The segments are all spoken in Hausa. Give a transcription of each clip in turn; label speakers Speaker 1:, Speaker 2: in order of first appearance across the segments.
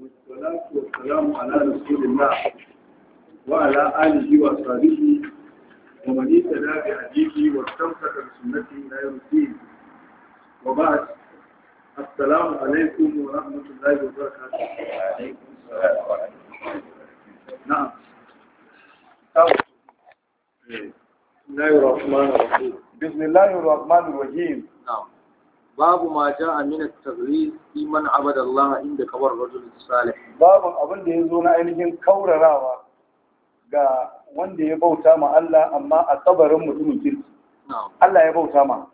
Speaker 1: wasu salamu ala rasulillah wa ala alihi wa sabihi wa mani tana bi hadisi wa tabbatar sunnati na yau din wa ba assalamu alaikum wa rahmatullahi
Speaker 2: wa barakatuh na
Speaker 1: tabbatar Bismillahir Rahmanir Rahim. babu ma ja min at-taghliz fi man Allah inda kabar rajul salih babu abin da yazo na ainihin kaurarawa ga wanda ya bauta ma Allah amma a kabarin mutumin kirki Allah ya bauta ma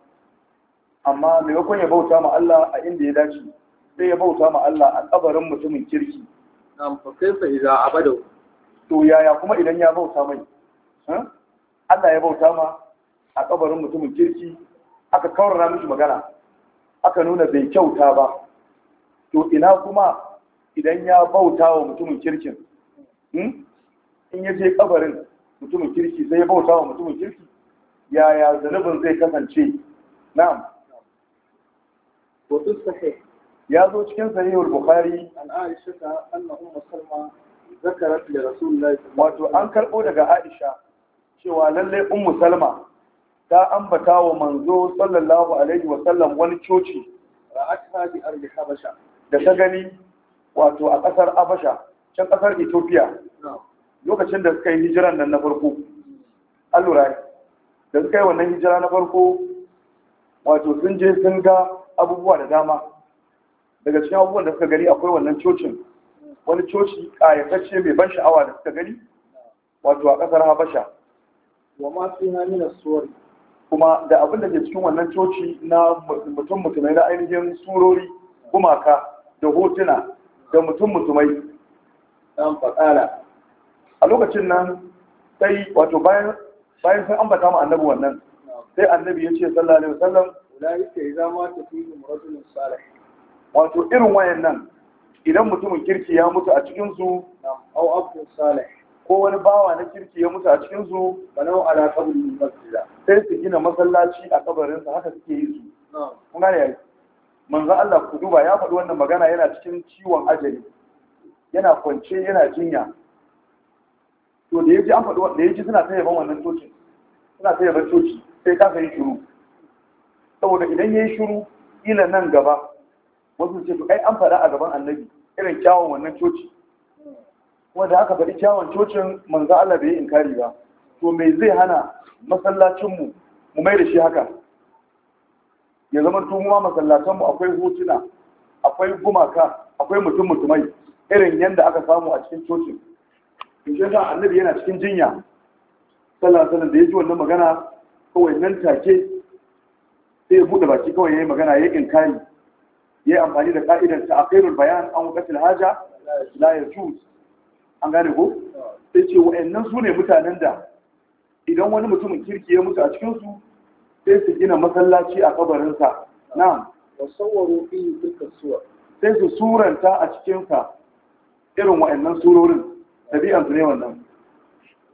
Speaker 1: amma maimakon ya bauta ma Allah a inda ya dace sai ya bauta ma Allah a kabarin mutumin kirki nam fa kaifa idza abada to yaya kuma idan ya bauta mai Allah ya bauta ma a kabarin mutumin kirki aka kaurara mishi magana aka nuna bai kyauta ba to ina kuma idan ya bauta wa mutumin kirkin hmm? in ya je kabarin mutumin kirki zai bauta wa mutumin kirki yaya zanubin zai kasance na'am ya zo cikin sahihul bukhari an aisha ta annahu ummu zakarat li rasulullahi wato an karbo daga aisha cewa lalle ummu salma ta ambata wa manzo sallallahu alaihi wa sallam wani coci ra'atha bi ardi habasha da ta gani wato a kasar habasha can kasar Ethiopia lokacin da suka yi hijiran nan na farko allura da suka yi wannan hijira na farko wato sun je sun ga abubuwa da dama daga cikin abubuwan da suka gani akwai wannan cocin wani coci kayatacce mai ban sha'awa da suka gani wato a kasar habasha wa ma sai na nuna suwari kuma da abin da ke cikin wannan coci na mutum mutumai na ainihin surori gumaka da hotuna da mutum mutumai ɗan faƙala a lokacin nan sai wato bayan bayan sun ambata mu annabi wannan sai annabi ya ce sallallahu alaihi wasallam ulaika za ma tafiyu rajulun salih wato irin wayannan idan mutumin kirki ya mutu a cikin su au abdun salih ko wani bawa na kirki ya mutu a cikin su banau ala qabrin masjida sai su gina masallaci a kabarin sa haka suke yi su kun gane yayi manzo Allah ku duba ya faɗi wannan magana yana cikin ciwon ajali yana kwance yana jinya to da yaji an faɗi da yaji suna ta yaban wannan toci suna ta yaban toci sai ka sai shiru saboda idan yayi shiru ila nan gaba wasu ce to ai an faɗa a gaban annabi irin kyawun wannan coci wanda aka faɗi kyawun cocin manzo Allah bai inkari ba to me zai hana masallacinmu mu mai da shi haka ya zama tumuwa masallatanmu akwai hotuna akwai gumaka akwai mutum mutumai irin yanda aka samu a cikin cocin in shi annabi yana cikin jinya sallallahu alaihi da ya ji wannan magana kawai nan take sai ya buɗe baki kawai ya yi magana ya inkari yayi amfani da ka'idar ta akhirul bayan an waqatil haja la yajuz an gane ko sai ce wa'annan su ne mutanen da idan wani mutumin kirki ya mutu a cikinsu sai su gina masallaci a kabarinsa na wasauwaro fiye duka suwa sai su suranta a cikinsa irin wa'annan surorin su ne wannan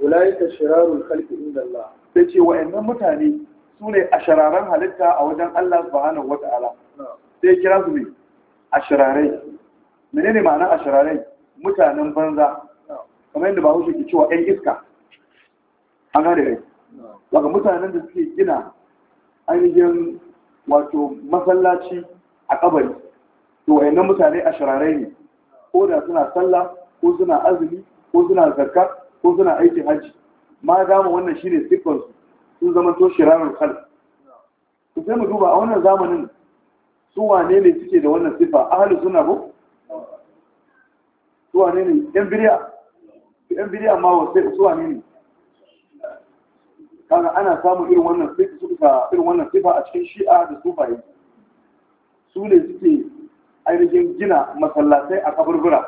Speaker 1: ulaika shirarun kalfi inda Allah sai ce wa'annan mutane su ne a shararen halitta a wajen Allah subhanahu ala, sai kira su ne a shirarai menene ma'anar a shirarai mutanen banza kamar yadda bahaushe ke cewa 'yan iska an gane rai daga mutanen da suke gina ainihin wato masallaci a kabari to wayannan mutane a shirarai ne ko da suna sallah ko suna azumi ko suna zakka ko suna aikin hajji ma dama wannan shine siffar su sun zama to shirarar kal Ku sai mu duba a wannan zamanin su wane ne suke da wannan siffa ahalu na ko su wane ne yan biriya yan bidiyan ma wasu su wani ne kaga ana samun irin wannan sifa irin wannan sifa a cikin shi'a da sufaye su ne suke ainihin gina masallatai a kaburbura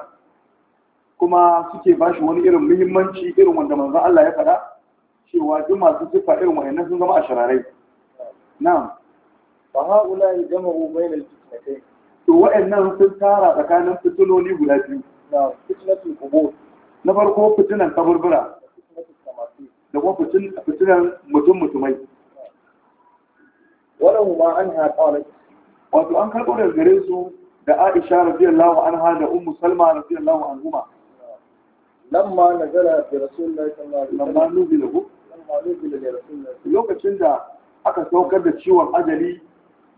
Speaker 1: kuma suke ba shi wani irin muhimmanci irin wanda manzon Allah ya faɗa cewa duk masu sifa irin wannan sun zama a shararai na'am fa haula jama'u bainal fitnatayn to nan sun tara tsakanin fitiloli guda biyu na fitnatul qubur na farko fitinan kaburbura da kuma fitinan mutum mutumai ma an wato an karɓo daga gare su da aisha radiyallahu anha da ummu salma radiyallahu anhuma lamma nazala bi rasulillahi sallallahu alaihi lokacin da aka saukar da ciwon ajali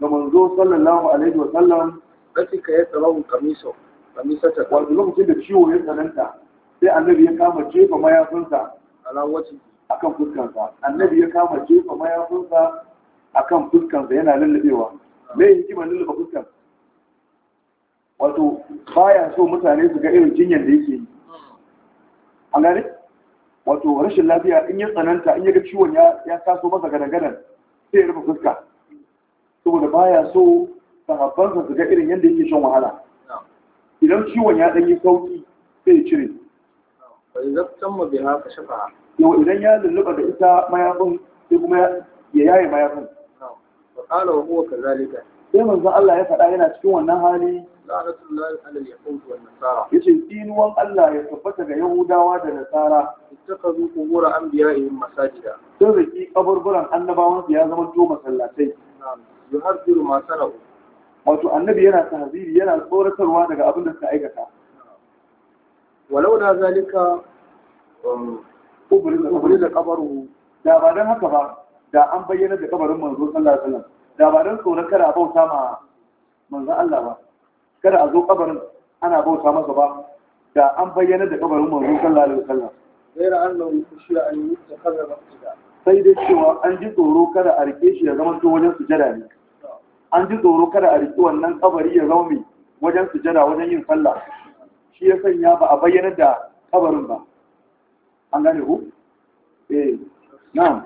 Speaker 1: ga manzo sallallahu alaihi wasallam kace ka lokacin da ciwo ya tsananta sai annabi ya kama jefa mayafinsa a kan fuskansa annabi ya kama jefa mayafinsa a kan fuskansa yana lullubewa mai hikimar lallaba fuskan wato baya so mutane su ga irin jinyar da yake yi an gane wato rashin lafiya in ya tsananta in ya ga ciwon ya taso masa gadan sai ya rufe fuska saboda baya so sahabbansa su ga irin yadda yake shan wahala idan ciwon ya ɗanyi sauki sai ya cire bai zaftan mu bi haka shafa yau idan ya lulluɓa da ita mayafin sai kuma ya yaye mayafin wa qala wa huwa kazalika sai manzon Allah ya faɗa yana cikin wannan hali la'natullahi ala al-yahud wa nasara yace dinuwan Allah ya tabbata ga yahudawa da nasara an biya anbiya'ihim masajida sun riki kaburburan annabawan ya zama to masallatai yuhaddiru biyu sana'u wato annabi yana tahziri yana tsoratarwa daga abin da suka aikata walau na zalika um, ubulin da kabaru da ba don haka ba da an bayyana da kabarin manzo sallallahu alaihi wasallam da ba don tsoron kada a bauta ma manzo Allah ba kada a zo kabarin ana bauta masa ba da an bayyana da kabarin manzo sallallahu alaihi wasallam
Speaker 2: غير أنه يخشى
Speaker 1: أن يتخذ مقصدا sai dai cewa an ji tsoro kada a rike shi ya zama to wajen sujada ne an ji tsoro kada a rike wannan kabari ya zama mai wajen sujada wajen yin sallah shi ya sanya ba a bayyana da kabarin ba an gane ku eh na.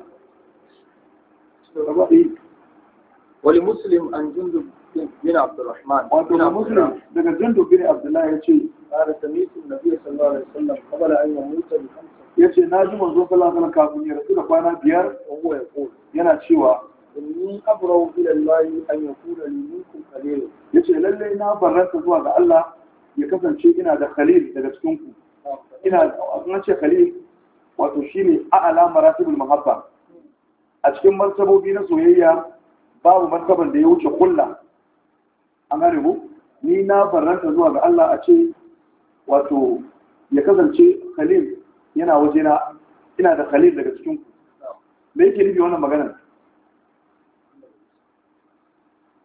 Speaker 2: wali muslim an jundub
Speaker 1: bin abdurrahman wato muslim daga jundub bin abdullahi ya ce Ya ce sallallahu alaihi wasallam an yace na ji manzo sallallahu alaihi kafin ya rasu da kwana biyar yana cewa inni abrau ila allahi an yakuna yace lalle na barranta zuwa ga Allah ya kasance ina da khalil daga cikin ku ina an ce khalil wato shine a'ala ratibul mahabba a cikin martabobi na soyayya babu martaban da ya wuce kulla an gane ku ni na barranta zuwa ga Allah a ce wato ya kasance khalil yana wajena ina da khalil daga cikin ku me yake nufi wannan magana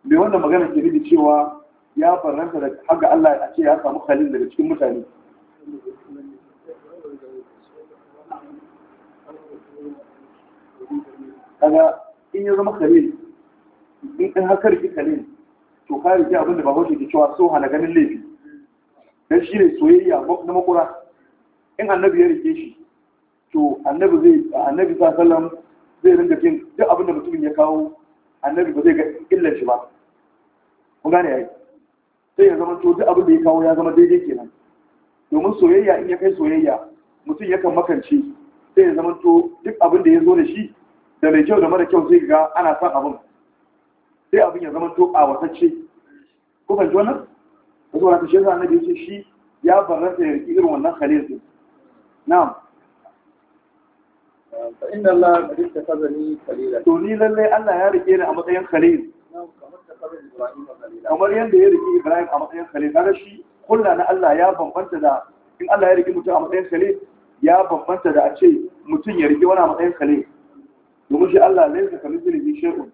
Speaker 1: me wannan magana ke nufi cewa ya faranta da haka Allah ya ce ya samu halin daga cikin mutane kaga in ya zama halin, in ɗin haka rike halin, to ka rike abinda ba hoshe ke cewa so hana ganin laifi dan shi ne soyayya na makura in annabi ya rike shi to annabi zai annabi sallallahu zai ringa jin duk abinda mutumin ya kawo annabi ba zai ga illar shi ba kun gane yi. sai ya zama to duk abin da ya kawo ya zama daidai kenan domin soyayya in ya kai soyayya mutum yakan makance sai ya zama to duk abin da ya zo da shi da mai kyau da mara kyau sai ga ana son abin sai abin ya zama to a ko ban ji wannan wato wata shi zan na ce shi ya barrata ya yarki irin wannan khalil din na'am fa inna allaha qad ittakhadhani khalila to ni lalle Allah ya rike ni a matsayin khalil kamar yadda ya riki ibrahim a matsayin khalil kaga shi kulla na Allah ya bambanta da in Allah ya riki mutum a matsayin kale ya bambanta da a ce mutum ya riki wani a matsayin kale. domin shi Allah laisa kamithlihi shay'un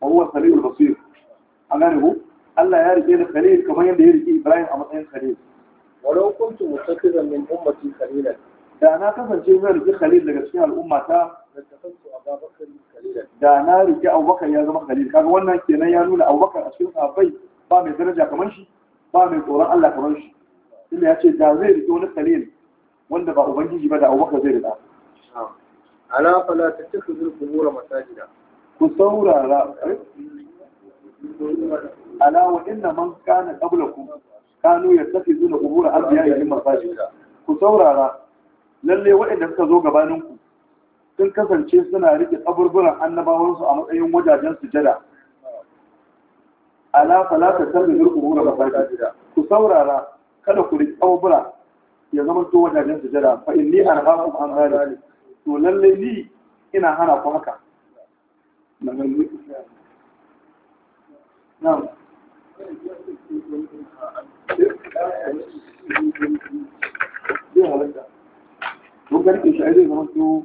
Speaker 1: wa huwa as-sami'ul basir A gane ku Allah ya rike da kale kamar yadda ya riki Ibrahim a matsayin khalil walau kuntu mutakhiran min ummati khalilan da na kasance zan riki khalil daga cikin al'ummata da na rike abubakar ya zama khalil kaga wannan kenan ya nuna abubakar a cikin sahabbai ba mai daraja kamar shi ba mai tsoron Allah kamar shi inda ya ce da zai rike wani khalil wanda ba ubangiji ba da abubakar zai rika ala fala tattakhudhu al-qubur masajida ku saurara ala wa inna man kana qablakum kanu yattakhidhu al-qubur anbiya'i masajida ku saurara lalle waɗanda suka zo gabaninku sun kasance suna rike tsaburburan annabawansu a matsayin wajajen sujada ala salata da rukuru da gida. ku saurara kada ku rike tsaburbura ya zama to wajajen sujada fa inni anhaakum an zalik to lalle ni ina hana ku haka na'am zai halatta mun garke shi ai zai zama to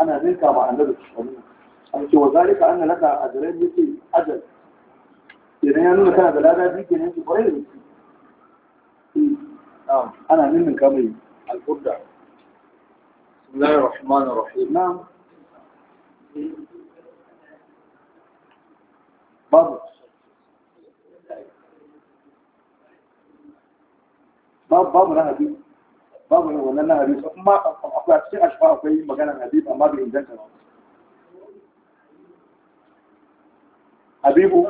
Speaker 1: أنا ذلك مع النبي صلى الله عليه وذلك أن لدى أجرين يتي أجل إذا يقولون كان هذا لدى ذلك أن يتي قريب يتي أنا من كامل الفردع بسم الله الرحمن الرحيم نعم بابا بابا بابا لها دي babu yin wannan na hadisi kuma akwai cikin ashfa akwai maganar hadisi amma bai inganta ba habibu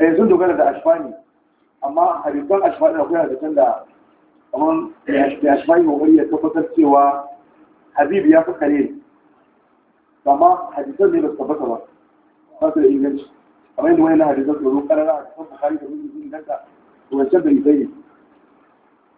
Speaker 1: yanzu dogara da ashfa ne amma hadisan ashfa ɗin akwai hadisan da kamar da ashfa yi wani ya tabbatar cewa habibu ya fi kare amma hadisan ne ba su tabbata ba ba su da inganci kamar yadda wani na hadisan tsoro ƙarara a cikin bukari da mutum inganta to wancan bai zai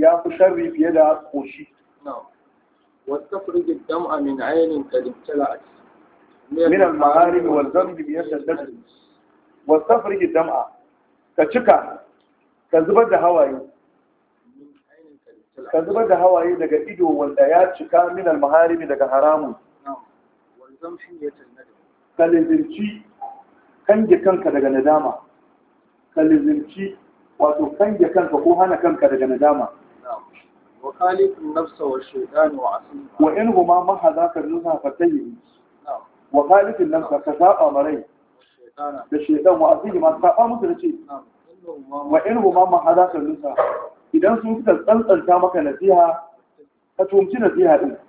Speaker 1: ya fi sharri fiye da koshi وتخرج الدمع من عين قد ابتلعت
Speaker 2: من المعارف والذنب
Speaker 1: بيد الدم وتخرج الدمع كتشكا كزبر ده هواي كزبر ده هواي daga ido wanda ya cika min almaharimi daga haramu kalizinci kange kanka daga nadama kalizinci wato kange kanka ko hana kanka daga nadama وخالف النفس والشيطان وعصيه وإنهما ما حذاك النزع فتيه وخالف النفس كذا أمرين الشيطان وعصيه ما تقام مثل وإنهما ما حذاك النزع إذا سوف تسأل كامك نزيها فتومتي نزيها إيه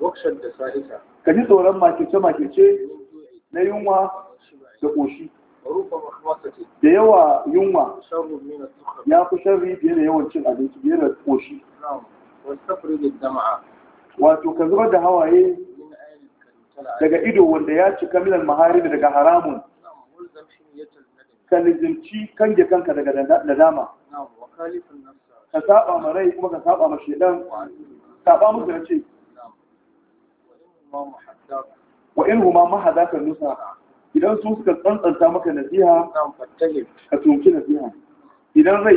Speaker 2: wakshan da sa'isa
Speaker 1: ka ji tsoron makice makice na yunwa da ƙoshi
Speaker 2: da yawa yunwa
Speaker 1: ya fi sharri fiye da yawan cin abinci fiye da koshi wato ka zubar da hawaye daga ido wanda ya ci kamilan maharibi daga haramun ka lizimci kange kanka daga nadama ka saba ma rai kuma ka saba ma shaidan? saba musu na ce wa in huma mahadaka nusa idan su suka tsantsanta maka nasiha ka tunki nasiha idan rai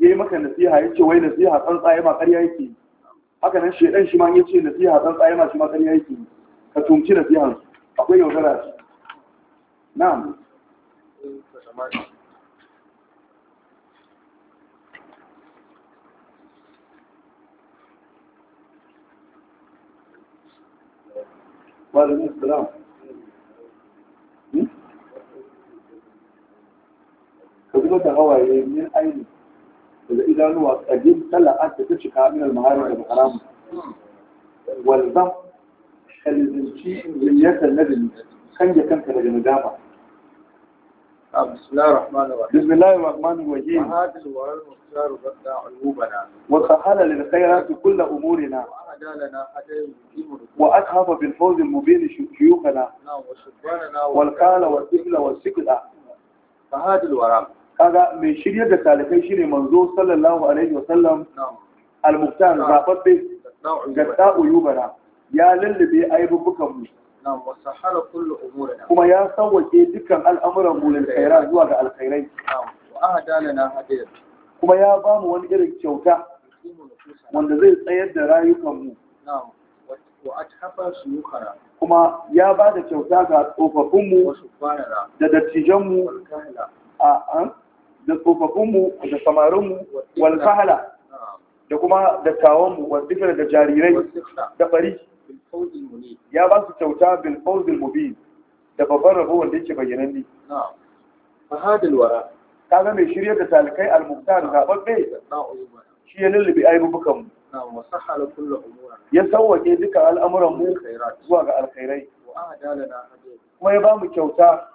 Speaker 1: ya yi maka nasiha ya ce wai nasiha tsantsa ya ma ƙarya yake haka nan shaidan shi ma ya ce nasiha tsantsa ya ma shi ma ƙarya yake ka tunki nasiha akwai yaudara shi na'am وعليكم السلام وإذا إيه؟ تغوى من أين إذا إذا نوى قديم تلقت تتشكى من المهارم الحرام والضم كالزنشي ذرية النبي كان يكن كان آه، بسم الله الرحمن الرحيم بسم الله الرحمن الرحيم هذا
Speaker 2: الورى المختار بدع
Speaker 1: عيوبنا وسهل للخيرات كل أمورنا وأتهف بالفوز المبين شيوخنا نعم، والقال والإبل والسكلة فهذا الورى kaga mai shirya da talibai shine manzo sallallahu alaihi wa sallam al-muhtar zafaffe ga da'u ya lullube aibubukan mu na'am wa sahala kullu umurina kuma ya sawwake dukkan al'amuran mu lil khairat zuwa ga alkhairai na'am
Speaker 2: wa ahadana hadiya
Speaker 1: kuma ya ba mu wani irin kyauta wanda zai tsayar da rayukan mu
Speaker 2: na'am wa athafa suyukhara
Speaker 1: kuma ya ba da kyauta ga tsofaffin mu da dattijan mu a da tsofaffinmu da samarinmu wal da kuma dattawanmu wal difira da jarirai da bari ya ba su kyauta bil fawzil da babban rabo wanda yake bayyanan ne kaga mai shirya da talikai al-muqtar zababbe shi ya lullube ayyukan ya sauwake duka al'amuran zuwa ga alkhairai kuma ya ba mu kyauta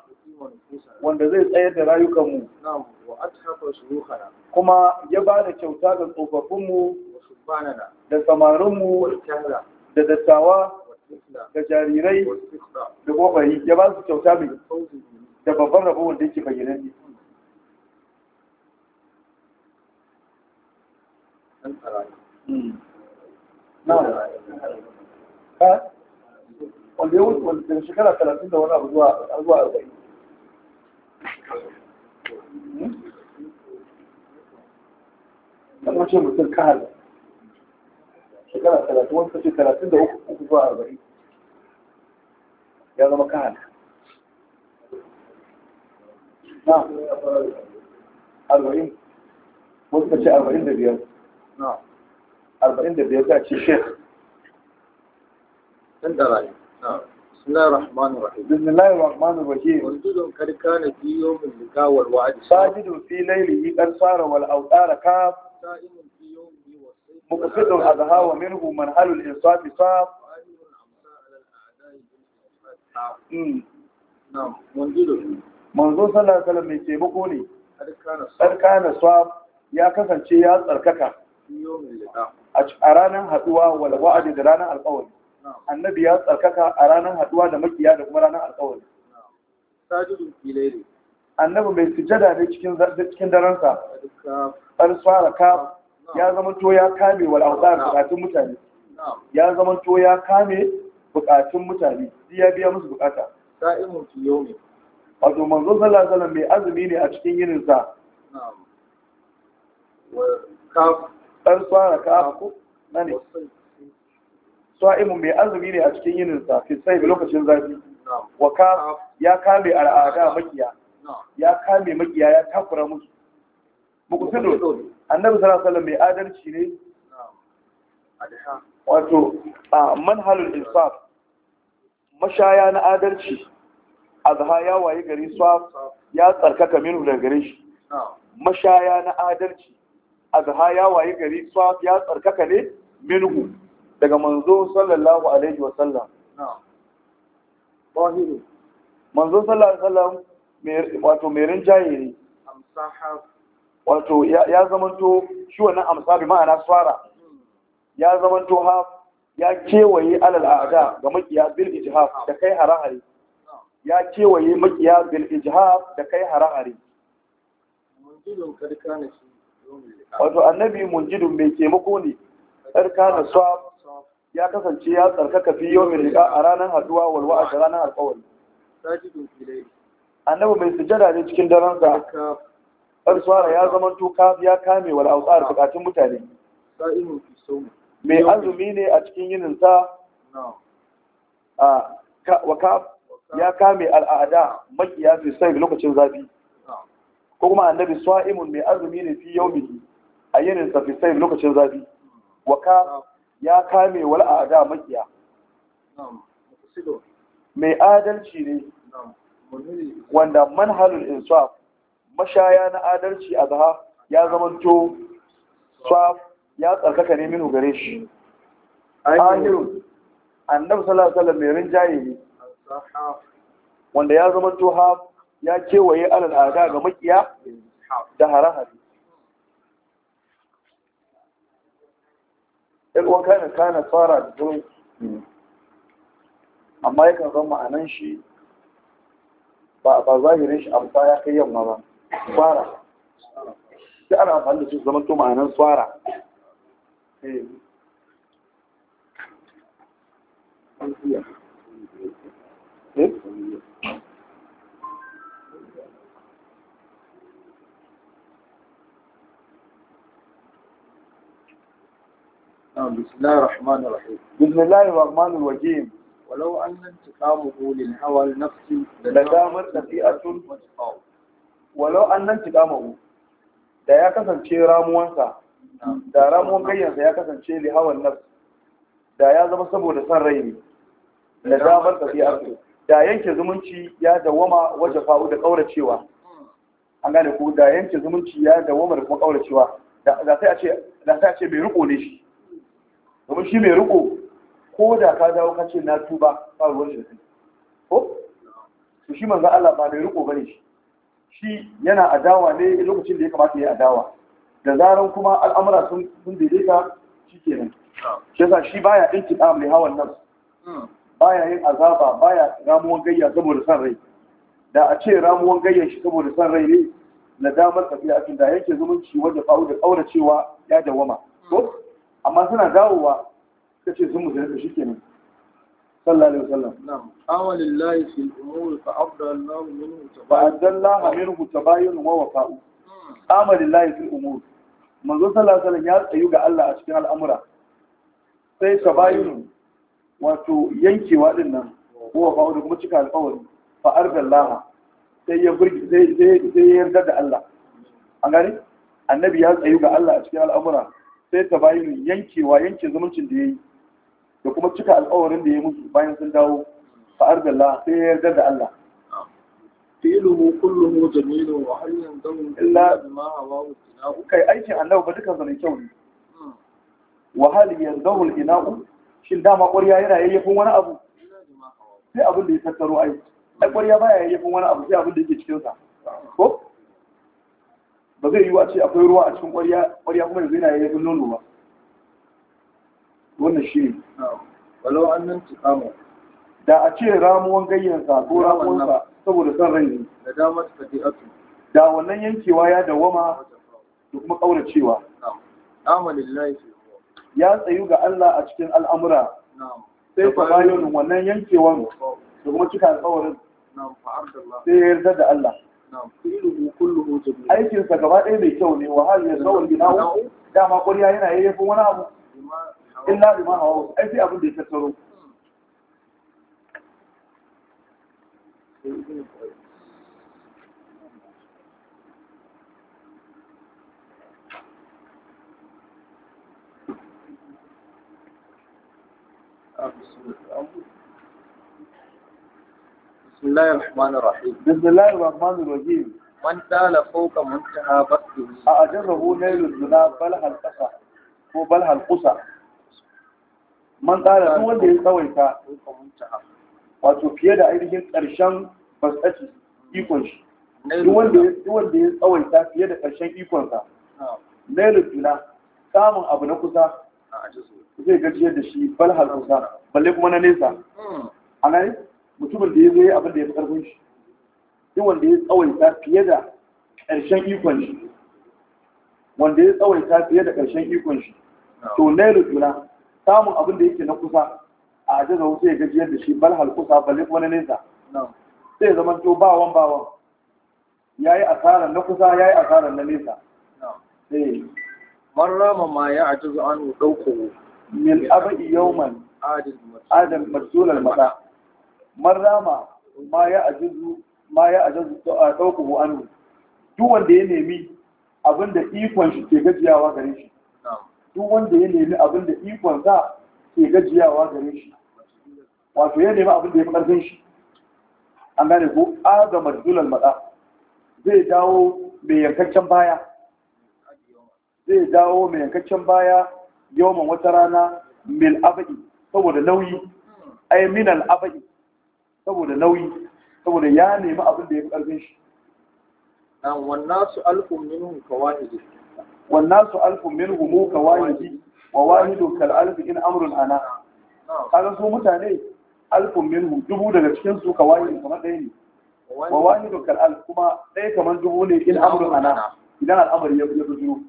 Speaker 1: wanda zai tsayar da rayukanmu kuma ya ba da kyauta ga tsofaffinmu da samarinmu da dattawa da jarirai da kofari ya ba su kyauta mai da babban rabo wanda yake bayyana ne hmm. wanda ya wuce wanda shekara 30 da wani abu zuwa 40 dan ce mutum kahal shekara talatin wani kace talatin da uku zuwa arba'in ya zama kahal na arba'in wasu kace arba'in da biyar na arba'in da biyar za ce shek ɗan da rayu بسم الله الرحمن الرحيم بسم الله الرحمن الرحيم مسجد قد كان في يوم اللقاء والوعد ساجد في ليله قد صار والاوتار كاف
Speaker 2: سائم في يومه
Speaker 1: والصيف مقصد الاضحى ومنه منهل الانصاف صاف نعم منزل منزل صلى الله عليه وسلم mai taimako ne tsarkana swab ya kasance ya tsarkaka a ranar haduwa wal wa'adi da ranar alƙawari annabi ya tsarkaka a ranar haduwa da makiya da kuma ranar alkawari sajidun filaili annabi mai sujada ne cikin cikin daransa alfara ka ya to ya kame wal awdar bukatun mutane ya zama to ya kame bukatun mutane ya biya musu bukata sa'imun fi yawmi wato manzo sallallahu alaihi wasallam mai azumi ne a cikin yinin sa na'am wa ka alfara ka nani sa'imun mai azumi ne a cikin yinin sa fi sai lokacin zafi wa ka ya kame al'ada makiya ya kame makiya ya takura musu mukusido annabi sallallahu alaihi mai adalci ne wato a manhalul insaf mashaya na adalci azha ya waye gari saf ya tsarkaka minhu daga gare shi mashaya na adalci azha ya waye gari saf ya tsarkaka ne hu. daga manzo sallallahu alaihi wa sallam manzo sallallahu alaihi wasallam wato mai rinjaye ne wato ya zamanto shi wannan amsa bi ma'ana tsara hmm. ya zamanto ha ya kewaye alal a'da ga makiya bil ijhab da kai harahari ya kewaye makiya bil ijhab da kai harahari wato annabi munjidun mai taimako ne karka da swab ya kasance ya tsarkaka fi yau mai riga a ranar haduwa walwa a ranar alkawari annabi mai sujada ne cikin daren sa tsara ya zama to ya kame wal a bukatun mutane
Speaker 2: mai azumi
Speaker 1: ne a cikin yinin sa ya kame al'ada makiya fi sai lokacin zafi ko kuma annabi sa'imun mai azumi ne fi mai a yinin sa fi sai lokacin zafi wa ka ya kame wal a'da makiya mai adalci ne wanda manhalin insaf mashaya na adalci a zaha ya zamanto saf ya tsarkaka ne minu gare shi ahirun annabi sallallahu alaihi wasallam mai rinjaye ne wanda ya zamanto ha ya kewaye alal'ada ga makiya da harahari yan kana kana fara da ne, amma yakan zama ma'anan shi ba ba zahirin shi abu ya kai yamma ba fara sai ana amfani da su zama to ma'anan fara. eh, eh? نعم بسم الله الرحمن الرحيم بسم الله الرحمن الرحيم ولو أن انتقامه للهوى النفسي لدامت نفيئة ولو أن انتقامه da ya kasance ramuwansa da ramuwan gayyansa ya kasance li hawan nafs da ya zama saboda san rai ne da damar tafiya da yanke zumunci ya dawama waje fa'u da kauracewa da yanke zumunci ya dawama da kuma kauracewa da sai a ce bai riko ne shi domin shi mai riko ko da ka dawo ka ce na tuba ba ruwan shi da ko shi manzo Allah ba mai riko bane shi shi yana adawa ne lokacin da ya kamata ya adawa da zaran kuma al'amura sun sun daidaita shikenan shi yasa shi baya dinki da mai hawan nan hmm. baya yin azaba baya ramuwan gayya saboda san rai da a ce ramuwan gayyan shi saboda san rai ne damar tafiya A cikin da yake zumunci wanda fa'u da kauracewa ya dawama amma suna dawowa suka ce sun yadda shi nan. sallallahu alaihi wa wafa'u hmm. sallallahu alaihi ya tsayu ga Allah a cikin al'amura sai tabayyun wato yankewa din nan wa wafa'u da kuma cika alƙawari fa sai ya burge sai yarda da Allah an gani annabi ya tsayu ga Allah a cikin al'amura sai ta bayin yankewa yanke zumuncin da ya yi da kuma cika alƙawarin da ya musu bayan sun dawo fa'ar da Allah sai ya yarda da Allah fi'luhu kulluhu jamilun wa hal yanzamu illa bima hawahu tina'u kai aikin annabi ba dukan sa kyau ne hmm. wa hal yanzahu al-ina'u shin dama ƙwarya yana yayyafin wani abu sai abin da ya tattaro aiki. ai ƙwarya baya yayyafin wani abu sai abin da yake cikin sa ba zai yiwu a ce akwai ruwa a cikin ƙwarya kuma yanzu yana yayin nono ba wannan shi ne walau an nan ci kama da a ce ramuwan gayyansa ko ramuwansa saboda son rai ne da damar fadi'atu da wannan yankewa ya dawama da kuma ƙauracewa cewa. ya tsayu ga Allah a cikin al'amura sai fa bayanin wannan yankewan da kuma cika alkawarin sai ya yarda da Allah aikinsa gaba ɗaya mai kyau ne wahal ya gina ginawo dama ƙwarya yana yayyafin wani abu illa liman hawa ai sai abin da ya tattaro
Speaker 2: الله الرحمن
Speaker 1: الرحيم بسم الله الرحمن الرحيم من دال فوق منتهى نيل بل هل قصى هو بل هل قصى من دال هو اللي wato fiye da ainihin ƙarshen ikon shi duk wanda ya tsawaita fiye da ƙarshen ikonsa ah. samun abu na kusa zai gajiyar da shi kusa balle kuma na nesa hmm. a nan mutumin da ya zo ya abin da ya fi ƙarfin shi yin wanda ya tsawaita fiye da ƙarshen ikon shi wanda ya tsawaita fiye da ƙarshen ikon shi to na yi juna samun abin da yake na kusa a ajaza wasu ya gajiyar da shi bal halkusa balle wani nesa sai zama to bawan bawan ya yi asarar na kusa ya yi asarar na nesa eh. man rama ma ya ajaza an ɗauko min abai yauman adam matsular mata man rama ma ya ajizu ma ya ajizu to a dauku hu anhu duk wanda ya nemi abinda ikon shi ke gajiyawa gare shi duk wanda ya nemi abinda ikon sa ke gajiyawa gare shi wato ya nemi abinda ya fi ƙarfin shi an gane ko azama zulal mada zai dawo mai yankaccen baya zai dawo mai yankaccen baya yawan wata rana mil abadi saboda nauyi hmm. ai min al abai saboda nauyi saboda ya nemi abin da ya fi ƙarfin shi nan su alfun minhum kawahidi wannasu alfun minhum kawahidi wa wahidu kal alfi in amrun ana kaga su mutane alfun minhum dubu daga cikin su kawahidi kamar ɗaya ne wa wahidu kal alf kuma ɗaya kamar dubu ne in amrun ana idan al'amari ya bujuro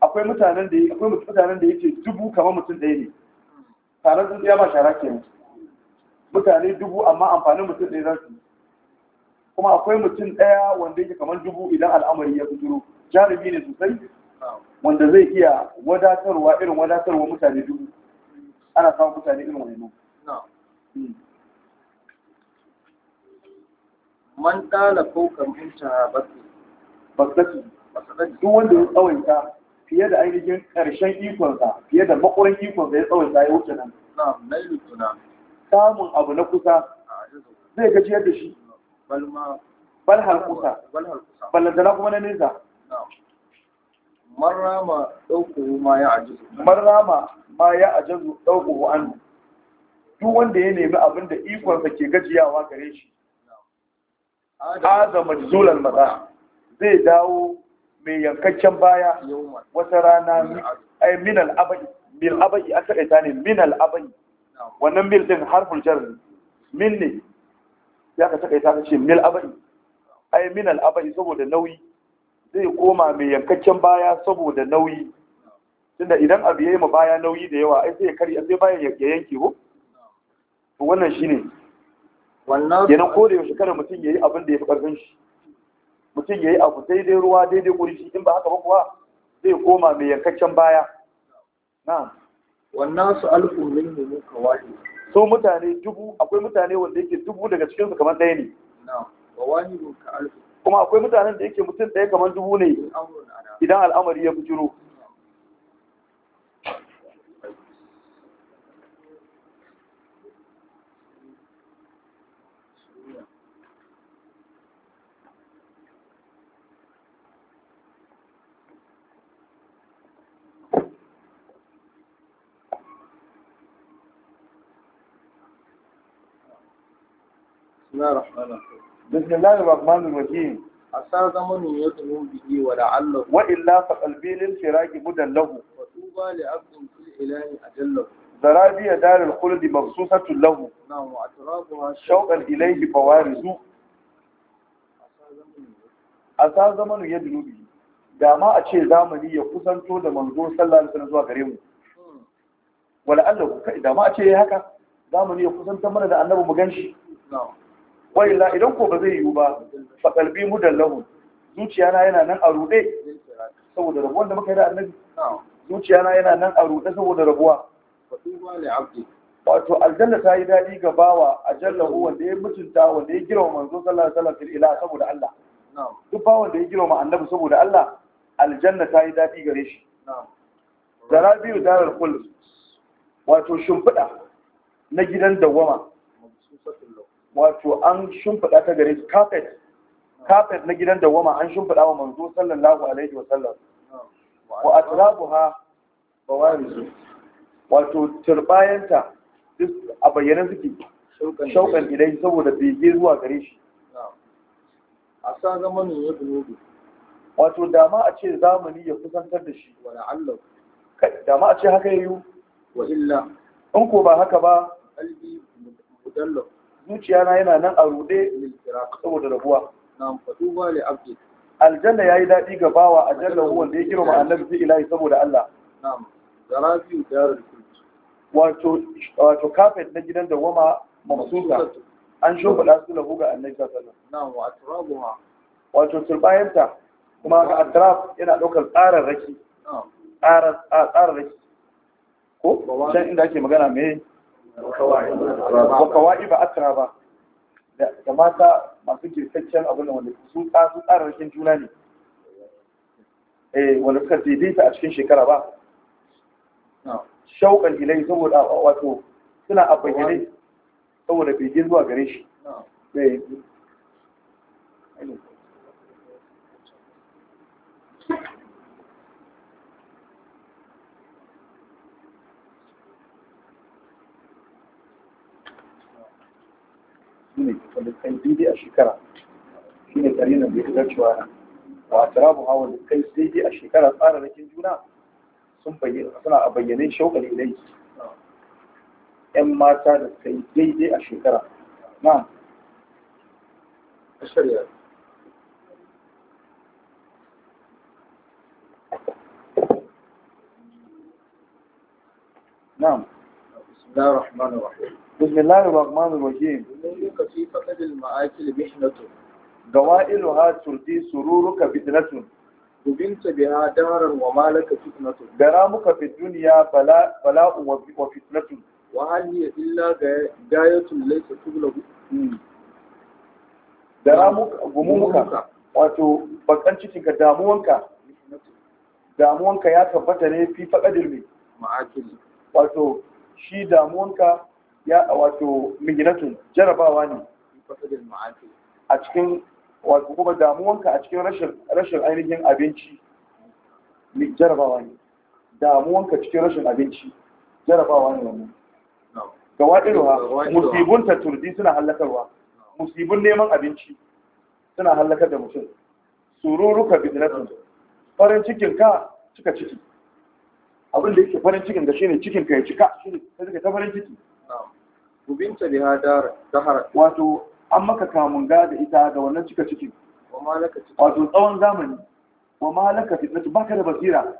Speaker 1: akwai mutanen da akwai mutanen da dubu kamar mutum ɗaya ne tare da ya ba shara kenan mutane dubu amma amfanin mutum ɗaya za su kuma akwai mutum ɗaya wanda yake kamar dubu idan al'amari ya fito jarumi ne sosai wanda zai iya wadatarwa irin wadatarwa mutane dubu ana samun mutane irin wani hmm. man ɗala faukan minta bakati duk wanda ya tsawaita fiye da ainihin ƙarshen ikonsa fiye da makwarin ikonsa ya tsawaita ya wuce nan na
Speaker 2: nailu tunani
Speaker 1: samun abu na kusa zai gajiyar da shi bal halkusa ballantana kuma na nesa marama ɗaukuhu ma ya ajizu marrama ma ya ajizu ɗaukuhu an duk wanda ya nemi abin da ikonsa ke gajiyawa gare shi aza majzulan maza zai dawo mai yankakken baya wata rana ai min abai min a takaita ne min al-abai wannan mil din harful jar mil ne ya ka takaita ka ce mil abai ai min al abai saboda nauyi zai koma mai yankakken baya saboda nauyi tunda idan abu yayi ma baya nauyi da yawa ai sai ya kari sai bayan ya yanke ko to wannan shine wannan yana ko da yaushe kada mutum yayi abin da yafi karfin shi mutum yayi abu daidai ruwa daidai kurji in ba haka ba kuwa zai koma mai yankakken baya na'am wannan su alfu ne mu kawahi so mutane dubu akwai mutane wanda yake dubu daga cikin su kamar ɗaya ne na'am ka alfu kuma akwai mutanen da yake mutum ɗaya kamar dubu ne idan al'amari ya bujiro بسم الله الرحمن الرحيم عسى زمن يطلب به ولعله وإلا فقلبي للفراق بدا له
Speaker 2: وطوبى لعبد
Speaker 1: في الإله أجله زرابي دار الخلد مبسوسة له
Speaker 2: نعم وأترابها شوقا إليه فوارز
Speaker 1: عسى زمن يدلو به da ma a ce zamani ya kusanto da manzo sallallahu alaihi wasallam zuwa gare mu wala Allah da ma a ce haka zamani ya kusanta mana da annabi mu ganshi na'am Waila idan ko ba zai yiwu ba fa kalbi mudallahu zuciya na yana nan a rude saboda rabuwan da muka yi da annabi zuciya na yana nan a rude saboda rabuwa wato aljanna ta yi daɗi ga bawa a jallahu wanda ya mutunta wanda ya girma manzo sallallahu alaihi wasallam ila saboda Allah duk bawan da ya girma annabi saboda Allah aljanna ta yi daɗi gare shi zarabiyu darar kul wato shimfiɗa na gidan dawwama wato an shimfiɗa ta gare shi kafet carpet na gidan dawama an shimfiɗa wa manzo sallallahu alaihi wasallam wa atrabuha bawarizu wato turbayanta duk a bayyana suke shauƙan idan saboda bege zuwa gare shi a sa zamanin ya dunubi wato dama a ce zamani ya kusantar da shi wa la'allahu dama a ce haka yayu wa illa in ko ba haka ba qalbi mudallaf zuciya na yana nan a rude saboda rabuwa na'am ya yi daɗi aljanna yayi dadi ga bawa ajalla huwa da ya girma annabi fi ilahi saboda Allah na'am wato wato kafet na gidan da dawama mamsusa an shimfiɗa su lahu ga annabi sallallahu alaihi wasallam wato turbayanta kuma ga atraf yana ɗaukar tsararraki tsararraki ko can inda ake magana mai wa kawai ba a asira ba da mata masu girkaccen abin wanda su tsara rikin juna ne eh, wanda suka daidaita a cikin shekara ba shauƙan ilai saboda wato suna a bayyane saboda bege zuwa gare shi wanda suka yi daidai a shekara shi ne karinan da ya fitar ba a tarabu hawa da kai daidai a shekara tsararrakin juna sun suna a bayyane shauƙar ilai yan mata da kai yi daidai a shekara na shari'a الله الرحمن الرحيم بسم الله الرحمن الرحيم نورك في فقد المآكل محنة دوائلها تردي سرورك فتنة وبنت بها دارا وما لك فتنة غرامك في الدنيا بلاء بلاء وفتنة وهل هي إلا غاية ليس تبلغ غرامك غمومك wato bakan cikinka damuwanka damuwanka ya tabbata ne fi faƙadin mai ma'akili wato shi damuwanka ya wato miginatun jarabawa ne a cikin wato kuma damuwanka a cikin rashin ainihin abinci jarabawa ne damuwanka cikin rashin abinci jarabawa ne wannan waɗin ruwa, musibin taturdi suna hallakarwa musibin neman abinci suna hallakar da mutum sururuka bizinatun farin cikin ka cika ciki abin da yake farin cikin da shine cikin ka ya cika ne sai ka ta farin ciki ubinta da ta dahar wato an maka kamun ga da ita ga wannan cika cikin. wato tsawon zamani wa malaka fitnatu baka da basira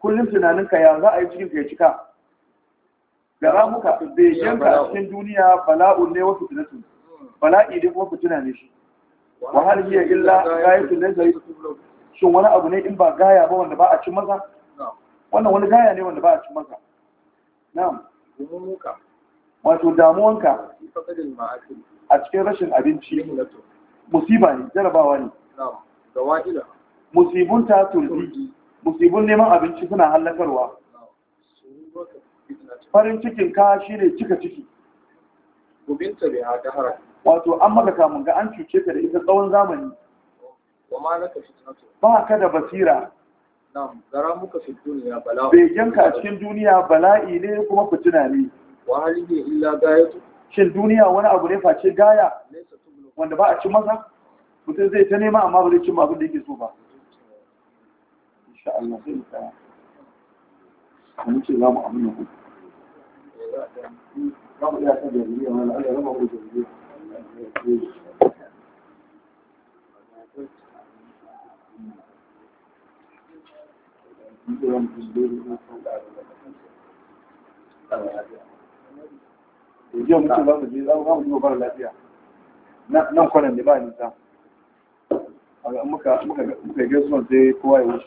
Speaker 1: kullum tunaninka ya za a yi cikin ka ya cika da ramuka yanka a cikin duniya bala'un ne wasu fitnatu hmm. bala'i ne kuma fitina ne shi
Speaker 2: wa hal hiya illa gayatun
Speaker 1: yi. shin wani abu ne in ba gaya ba wanda ba a cin maza wannan wani gaya ne wanda ba a cin maka na'am umumuka wato damuwanka a cikin rashin abinci musiba ne jarabawa ne na'am musibun ta turbi musibun neman abinci suna hallakarwa farin cikin ka ne cika ciki gubinta bai haka hara wato an maka kamun ga an cuce ka da ita tsawon zamani ba ka da basira Nam, gara muka duniya bala'i. a cikin duniya bala'i ne kuma fitina ne. Wa hali ne illa Shin duniya wani abu ne face gaya wanda ba a ci masa? Mutum zai ta nema amma ba zai cin abin da
Speaker 2: yake so ba.
Speaker 1: jiya mutum za mu je za mu duba bara lafiya nan kwanan da ba nisa muka muka gaisuwa sai kowa ya wuce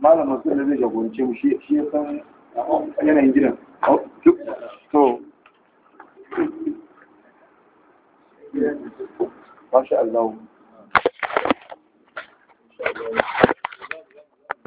Speaker 1: malam masu da zai jagorance mu shi ya san yanayin gidan to masha Allah